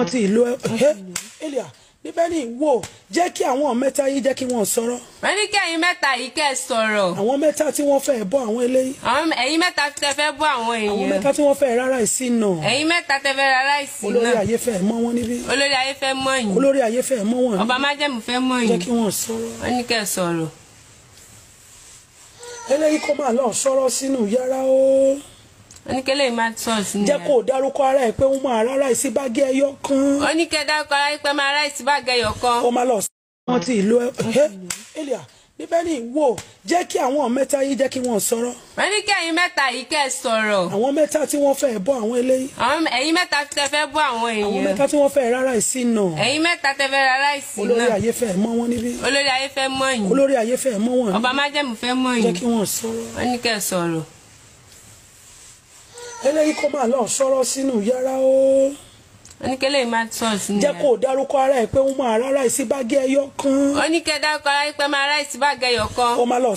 wọ́n ti ìlú ẹ̀ ẹ̀lìà bíbélì wò jẹ́ kí àwọn mẹ́ta yìí jẹ́ kí wọ́n sọ̀rọ̀. wọ́n ní kí ẹ̀yin mẹ́ta yìí kẹ́ ẹ sọ̀rọ̀. àwọn mẹ́ta tí wọ́n fẹ́ bọ́ àwọn eléyìí. àwọn ẹ̀yin mẹ́ta tẹ fẹ́ bọ́ àwọn èèyàn. àwọn mẹ́ta tí wọ́n fẹ́ rárá ìsinà. ẹ̀yin mẹ́ta tẹ fẹ́ rárá ìsinà. olórí ayé fẹ́ mọ́ wọn níbí. olórí ayé fẹ́ mọ́ yín. olórí ayé fẹ́ mọ́ wọn. ọba májẹ̀mú fẹ́ mọ́ yín oníkẹ́lẹ́ imatus ni. jẹ́ kó o dárúkọ ara ẹ̀ pé ó máa ra ráìsì báàgì ẹyọ kan. oníkẹ́ dárúkọ ara ẹ̀ pé máa ráìsì báàgì ẹyọ kan. ó máa lọ sí wọn ti ìlú ẹ elia níbẹ̀ ni wò jẹ́ kí àwọn mẹ́ta yìí jẹ́ kí wọ́n sọ̀rọ̀. wọ́n ní kí ẹ̀yin mẹ́ta yìí kẹ́ ẹ sọ̀rọ̀. àwọn mẹ́ta tí wọ́n fẹ́ bọ́ àwọn eléyìí. àwọn ẹ̀yin mẹ́ta tẹ fẹ́ bọ́ àwọn èèyàn. àwọn mẹ́ta tí wọ́n fẹ́ rárá ìsìn náà eléyìí kó máa lọ sọ̀rọ̀ sínú yàrá o. oníkẹ́lẹ́ yìí máa sọ̀rọ̀ sínú yàrá. jẹ́ kó o dárúkọ ara ẹ̀ pé ó máa rárá ìsíbágẹ́ ẹyọ kan. oníkẹ́ dárúkọ ara ẹ̀ pé máa rárá ìsíbágẹ́ ẹyọ kan. ó máa lọ